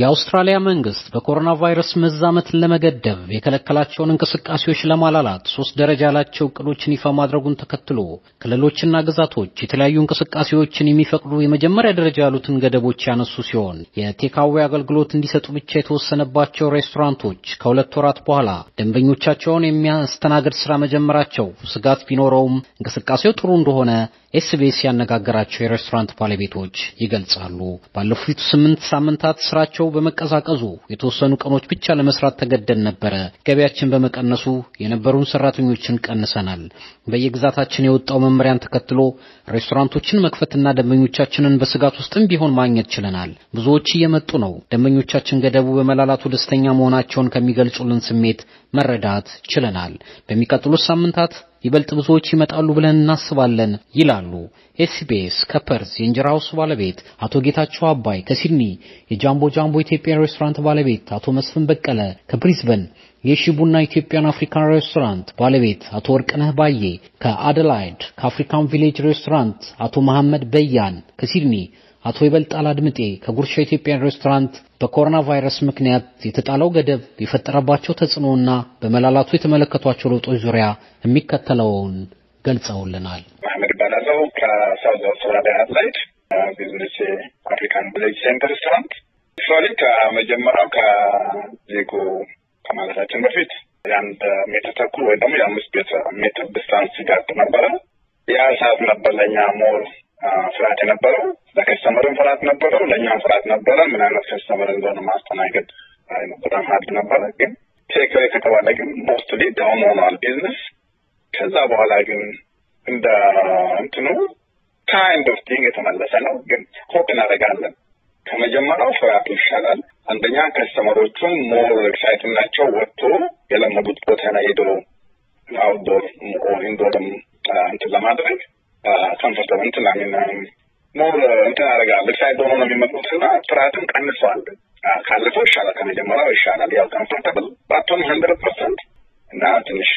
የአውስትራሊያ መንግስት በኮሮና ቫይረስ መዛመትን ለመገደብ የከለከላቸውን እንቅስቃሴዎች ለማላላት ሶስት ደረጃ ያላቸው እቅዶችን ይፋ ማድረጉን ተከትሎ ክልሎችና ግዛቶች የተለያዩ እንቅስቃሴዎችን የሚፈቅዱ የመጀመሪያ ደረጃ ያሉትን ገደቦች ያነሱ ሲሆን የቴካዊ አገልግሎት እንዲሰጡ ብቻ የተወሰነባቸው ሬስቶራንቶች ከሁለት ወራት በኋላ ደንበኞቻቸውን የሚያስተናግድ ስራ መጀመራቸው ስጋት ቢኖረውም እንቅስቃሴው ጥሩ እንደሆነ ኤስቢኤስ ያነጋገራቸው የሬስቶራንት ባለቤቶች ይገልጻሉ። ባለፉት ስምንት ሳምንታት ስራቸው በመቀዛቀዙ የተወሰኑ ቀኖች ብቻ ለመስራት ተገደን ነበረ። ገቢያችን በመቀነሱ የነበሩን ሰራተኞችን ቀንሰናል። በየግዛታችን የወጣው መመሪያን ተከትሎ ሬስቶራንቶችን መክፈትና ደንበኞቻችንን በስጋት ውስጥም ቢሆን ማግኘት ችለናል። ብዙዎች እየመጡ ነው። ደንበኞቻችን ገደቡ በመላላቱ ደስተኛ መሆናቸውን ከሚገልጹልን ስሜት መረዳት ችለናል። በሚቀጥሉት ሳምንታት ይበልጥ ብዙዎች ይመጣሉ ብለን እናስባለን ይላሉ። ኤስቢኤስ ከፐርስ፣ የእንጀራ ሃውስ ባለቤት አቶ ጌታቸው አባይ፣ ከሲድኒ የጃምቦ ጃምቦ ኢትዮጵያ ሬስቶራንት ባለቤት አቶ መስፍን በቀለ፣ ከብሪዝበን የሺ ቡና ኢትዮጵያን አፍሪካን ሬስቶራንት ባለቤት አቶ ወርቅነህ ባዬ፣ ከአደላይድ ከአፍሪካን ቪሌጅ ሬስቶራንት አቶ መሐመድ በያን፣ ከሲድኒ አቶ ይበልጣል አድምጤ ከጉርሻ ኢትዮጵያን ሬስቶራንት በኮሮና ቫይረስ ምክንያት የተጣለው ገደብ የፈጠረባቸው ተጽዕኖና በመላላቱ የተመለከቷቸው ለውጦች ዙሪያ የሚከተለውን ገልጸውልናል። አህመድ ባላለው ከሳውዝ አውስትራሊያ አድላይድ ቢዝነስ አፍሪካን ቪሌጅ ሴንተር ሬስቶራንት ሶሊ ከመጀመሪያው ከዜጎ ከማለታችን በፊት የአንድ ሜትር ተኩል ወይ ደግሞ የአምስት ሜትር ዲስታንስ ሲጋጥ ነበረ ያ ሰዓት ነበር ለእኛ ሞር ፍርሃት የነበረው ለከስተመርም ፍርሃት ነበረው፣ ለእኛም ፍርሃት ነበረ። ምን አይነት ከስተመር እንደሆነ ማስተናገድ በጣም ሀርድ ነበረ። ግን ቴክ ከተባለ ግን ሞስትሊ ዳውን ሆኗል ቢዝነስ። ከዛ በኋላ ግን እንደ እንትኑ ካይንድ ኦፍ ቲንግ የተመለሰ ነው። ግን ሆፕ እናደርጋለን። ከመጀመሪያው ፍርሃቱ ይሻላል። አንደኛ ከስተመሮቹን ሞር ኤክሳይት ናቸው። ወጥቶ የለመዱት ቦታ ላይ ሄዶ አውትዶር ኢንዶርም uh, እንትን ለማድረግ ኮንፈርተብል ላሚን ሞር እንትን ያደርጋል ልክሳይ በሆነ የሚመጡት እና ጥራትም ቀንሷል። ካለፈው ይሻላል፣ ከመጀመሪያው ይሻላል። ያው ኮንፈርተብል ባቶም ሀንድረድ ፐርሰንት እና ትንሽ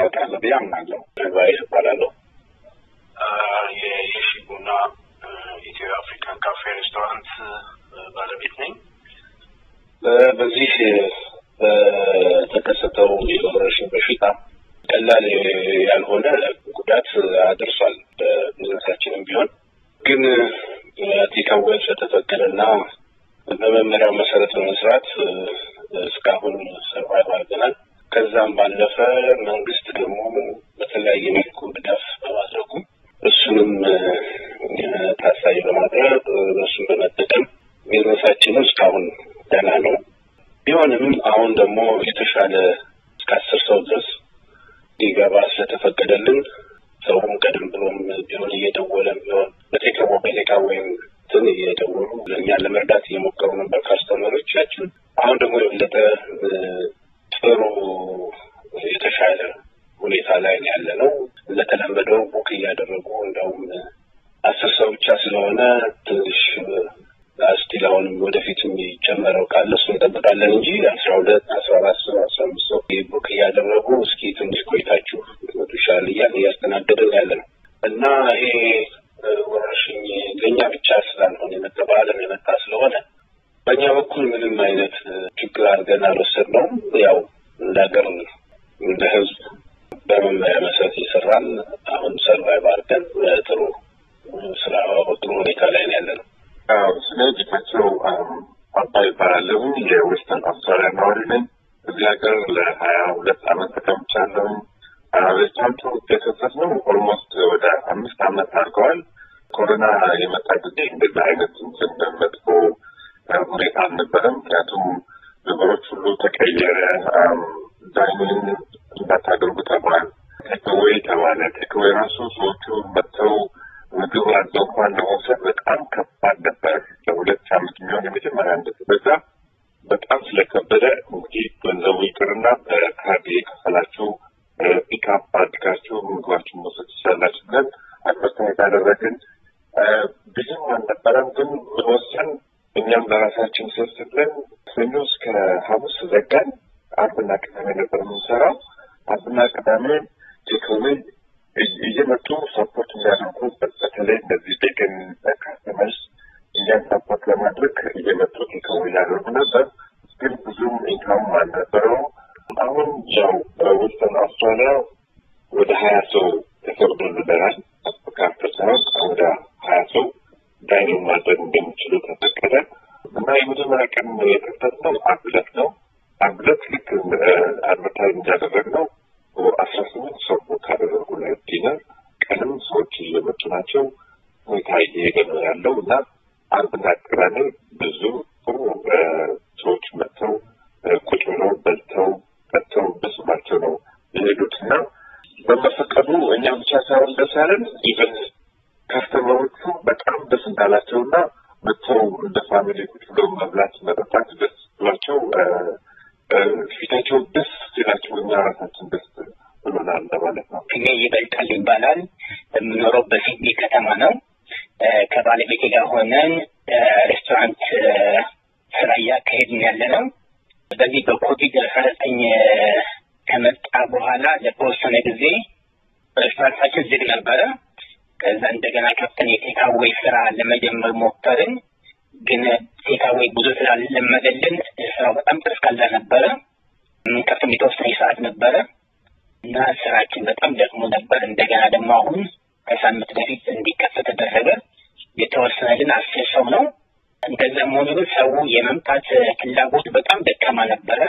ለውጥ አለ ብዬ አምናለሁ። ተግባይ ይባላለሁ የሺ ቡና ኢትዮ አፍሪካን ካፌ ሬስቶራንት ባለቤት ነኝ። በዚህ በተከሰተው የወረርሽኝ በሽታ ቀላል ያልሆነ ጉዳት አድርሷል። እና በመመሪያው መሰረት በመስራት እስካሁን ሰርቫይቭ አድርገናል። ከዛም ባለፈ መንግስት ደግሞ በተለያየ መልኩ ድጋፍ በማድረጉ እሱንም ታሳይ በማድረግ እሱን በመጠቀም ቢዝነሳችንም እስካሁን ደህና ነው። ቢሆንም አሁን ደግሞ የተሻለ የተሻለ ሁኔታ ላይ ነው ያለ ነው። እንደተለመደው ቡክ እያደረጉ እንደውም አስር ሰው ብቻ ስለሆነ ትንሽ ስቲል አሁንም ወደፊት የሚጨመረው ካለ እሱ እንጠብቃለን እንጂ አስራ ሁለት አስራ አራት ሰው አስራ አምስት ሰው ቡክ እያደረጉ እስኪ ትንሽ ቆይታችሁ ትመጡ ይሻላል እያለ እያስተናገድን ያለ ነው እና ይሄ ወረርሽኝ ለእኛ ብቻ ስላልሆነ የመጣ በዓለም የመጣ ስለሆነ በእኛ በኩል ምንም አይነት ችግር አድርገን አልወሰድነውም ያው አውስትራሊያ ነዋሪ ነኝ። እዚህ ሀገር ለሀያ ሁለት አመት ተቀምጫለሁ። አቤቻንቱ የሰጠት ነው ኦልሞስት ወደ አምስት አመት አድርገዋል። ኮሮና የመጣ ጊዜ እንደዚህ አይነት እንትን መጥፎ ሁኔታ አልነበረም። ምክንያቱም ነገሮች ሁሉ ተቀየረ። ዳይኒንግ እንዳታደርጉ ተባል፣ ቴክዌይ ተባለ። ቴክዌይ ራሱ ሰዎቹ መጥተው ምግብ አዘው እንኳን ለመውሰድ በጣም ከባድ ነበር። ለሁለት ሳምንት የሚሆን የመጀመሪያ እንደተበዛ በጣም ስለከበደ እንግዲህ ገንዘቡ ይቅርና በካርድ የከፈላችሁ ፒካፕ አድርጋችሁ ምግባችሁን መውሰድ ትችላላችሁ ብለን አድቨርታይዝ አደረግን። ብዙም አልነበረም ግን ብንወሰን እኛም ለራሳችን ስስ ብለን ሰኞ እስከ ሐሙስ ዘጋን። አርብና ቅዳሜ ነበር የምንሰራው። አርብና ቅዳሜ ቴክኖሎጂ እየመጡ ሰፖርት እንዲያደርጉ በተለይ እነዚህ ደገን ካስተመርስ እኛን ሰፖርት ለማድረግ እየመጡ ቴክኖሎጂ ያደርጉ ነበር። ግን ብዙም ኢንካም አልነበረው። አሁን ያው በዌስተርን አውስትራሊያ ወደ ሀያ ሰው ተፈቅዶልናል። ካርተር ሳይሆን ወደ ሀያ ሰው ዳይኒንግ ማድረግ እንደሚችሉ ተፈቀደ እና የመጀመሪያ ቀን የከፈት ነው አግለት ነው አግለት ልክ አድቨርታይዝ እንዳደረግ ነው አስራ ስምንት ሰው ካደረጉ ላይ ዲነር ቀንም ሰዎች እየመጡ ናቸው። ሁኔታ እየሄደ ነው ያለው እና አርብና ቅዳሜ ብዙ ጥሩ ሰዎች መጥተው ቁጭ ብለው በልተው ጠጥተው በስማቸው ነው የሄዱት እና በመፈቀዱ እኛ ብቻ ሳይሆን ደስ ያለን ኢቨን ከስተመሮቹ በጣም ደስ እንዳላቸው እና መጥተው እንደ ፋሚሊ ቁጭ ብለው መብላት መጠጣት ደስ ብሏቸው ፊታቸው ደስ ሲላቸው እኛ ራሳችን ደስ ብሎናል ለማለት ነው። ስሜ ይበልጣል ይባላል። የምኖረው በሲድኒ ከተማ ነው። ከባለቤቴ ጋር ሆነን ሬስቶራንት እያካሄድን ያለ ነው። በዚህ በኮቪድ አስራ ዘጠኝ ከመጣ በኋላ ለተወሰነ ጊዜ እርስ በርሳችን ዝግ ነበረ። ከዛ እንደገና ከፍተን የቴካዌይ ስራ ለመጀመር ሞከርን። ግን ቴካዌይ ብዙ ስላለመደልን ስራው በጣም ጥርስ ካላ ነበረ። የምንከፍትም የተወሰነ ሰዓት ነበረ እና ስራችን በጣም ደክሞ ነበር። እንደገና ደግሞ አሁን ከሳምንት በፊት እንዲከፈት ተደረገ። የተወሰነ ግን አስር ሰው ነው። ከዚያም ሆኖ ግን ሰው የመምጣት ፍላጎት በጣም ደካማ ነበረ።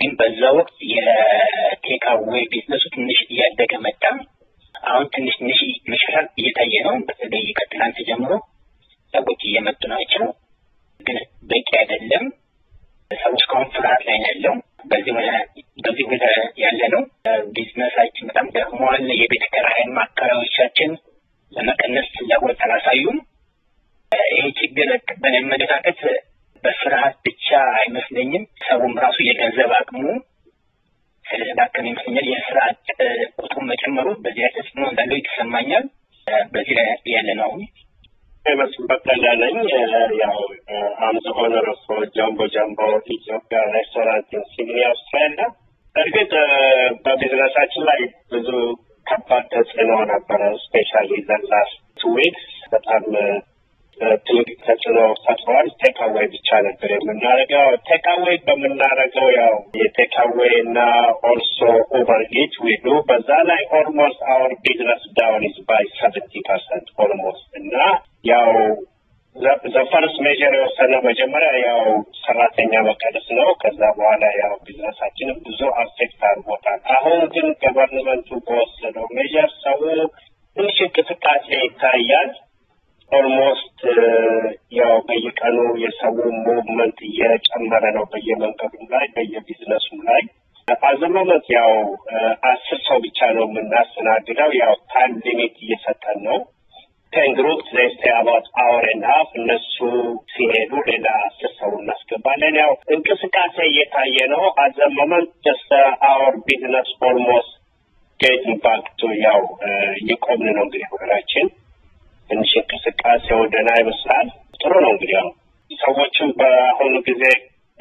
ግን በዛ ወቅት የቴካዌይ ቢዝነሱ ትንሽ እያደገ መጣ። አሁን ትንሽ ትንሽ መሻሻል እየታየ ነው። በተለይ ከትናንት ጀምሮ ሰዎች እየመጡ ናቸው። ግን በቂ አይደለም። ሰው እስካሁን ፍርሃት ላይ ነው ያለው። ስሜት ይሰማኛል። በዚህ ላይ ያለ ነው አሁን መስፍን በቀለ ነኝ። ያው አምዝ ሆነር ኦፍ ጃምቦ ጃምቦ ኢትዮጵያ ሬስቶራንት ሲድኒ አውስትራሊያ። እርግጥ በቢዝነሳችን ላይ ብዙ ከባድ ተጽዕኖ ነበረ። ስፔሻሊ ዘ ላስት ዊክስ በጣም ትልቅ ተጽዕኖ ፈጥረዋል። ቴክ ነበር የምናደርገው። ቴካዌይ በምናደርገው ያው የቴካዌይ እና ኦልሶ ኦቨርጌት ዊዱ በዛ ላይ ኦልሞስት አወር ቢዝነስ ዳውን ኢዝ ባይ ሰቨንቲ ፐርሰንት ኦልሞስት እና ያው ዘፈርስ ሜጀር የወሰነ መጀመሪያ ያው ሰራተኛ መቀነስ ነው። ከዛ በኋላ ያው ቢዝነሳችንም ብዙ አፌክት አድርጎታል። አሁን ግን ገቨርንመንቱ በወሰደው ሜጀር ሰው ትንሽ እንቅስቃሴ ይታያል ኦልሞስት በየቀኑ የሰው ሞቭመንት እየጨመረ ነው፣ በየመንገዱም ላይ በየቢዝነሱም ላይ አዘመመት ያው አስር ሰው ብቻ ነው የምናስተናግደው። ያው ታይም ሊሚት እየሰጠን ነው። ቴን ግሩፕ ሌስቴ አባት አወር ኤንድ ሀፍ እነሱ ሲሄዱ ሌላ አስር ሰው እናስገባለን። ያው እንቅስቃሴ እየታየ ነው። አዘማመት ደስ አወር ቢዝነስ ኦልሞስት ጌቲንግ ባክ ቱ ያው እየቆምን ነው እንግዲህ ሀገራችን ትንሽ እንቅስቃሴ ወደና ይመስላል። ጥሩ ነው። እንግዲህ አሁን ሰዎችም በአሁኑ ጊዜ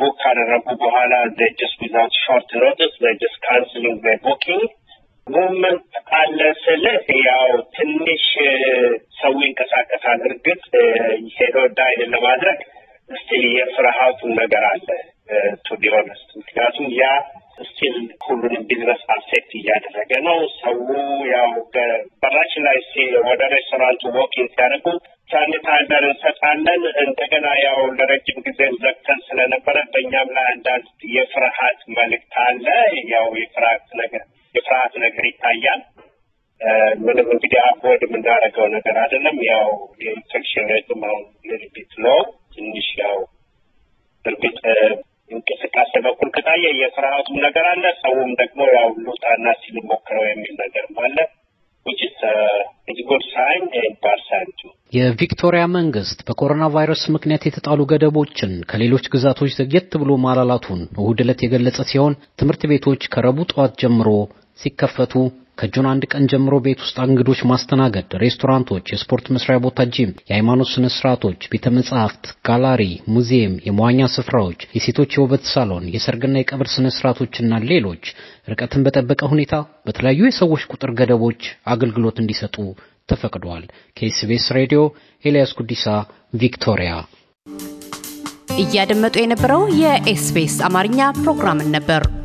ቡክ ካደረጉ በኋላ ዘጅስ ዊዛውት ሾርት ኖቲስ ዘጅስ ካንስሊንግ ዘ ቡኪንግ ሙቭመንት አለ ስለ ያው ትንሽ ሰው ይንቀሳቀሳል። እርግጥ ሄዶ ወዳ ዳይን ለማድረግ ስቲል የፍርሃቱን ነገር አለ ቱ ቢ ኦነስት። ምክንያቱም ያ ስቲል ሁሉንም ቢዝነስ አፌክት እያደረገ ነው። ሰው ያው በራችን ላይ ወደ ሬስቶራንቱ ወኪን ሲያደርጉ ነገር እንሰጣለን። እንደገና ያው ለረጅም ጊዜም ዘግተን ስለነበረ በእኛም ላይ አንዳንድ የፍርሀት መልእክት አለ። ያው የፍርሀት ነገር የፍርሀት ነገር ይታያል። ምንም እንግዲህ አቦድ የምናደርገው ነገር አይደለም። ያው የኢንፌክሽን ሬትም አሁን ነው ትንሽ ያው እርግጥ እንቅስቃሴ በኩል ከታየ የፍርሀቱም ነገር አለ። ሰውም ደግሞ ያው ሉጣና ሲል ሞክረው የሚል ነገርም አለ። የቪክቶሪያ መንግስት በኮሮና ቫይረስ ምክንያት የተጣሉ ገደቦችን ከሌሎች ግዛቶች ዘግየት ብሎ ማላላቱን እሁድ ዕለት የገለጸ ሲሆን ትምህርት ቤቶች ከረቡ ጠዋት ጀምሮ ሲከፈቱ ከጁን አንድ ቀን ጀምሮ ቤት ውስጥ እንግዶች ማስተናገድ፣ ሬስቶራንቶች፣ የስፖርት መስሪያ ቦታ፣ ጂም፣ የሃይማኖት ስነ ስርዓቶች፣ ቤተ መጻሕፍት፣ ጋላሪ፣ ሙዚየም፣ የመዋኛ ስፍራዎች፣ የሴቶች የውበት ሳሎን፣ የሰርግና የቀብር ስነ ስርዓቶችና ሌሎች ርቀትን በጠበቀ ሁኔታ በተለያዩ የሰዎች ቁጥር ገደቦች አገልግሎት እንዲሰጡ ተፈቅዷል። ከኤስቢኤስ ሬዲዮ ኤልያስ ጉዲሳ ቪክቶሪያ። እያደመጡ የነበረው የኤስቢኤስ አማርኛ ፕሮግራምን ነበር።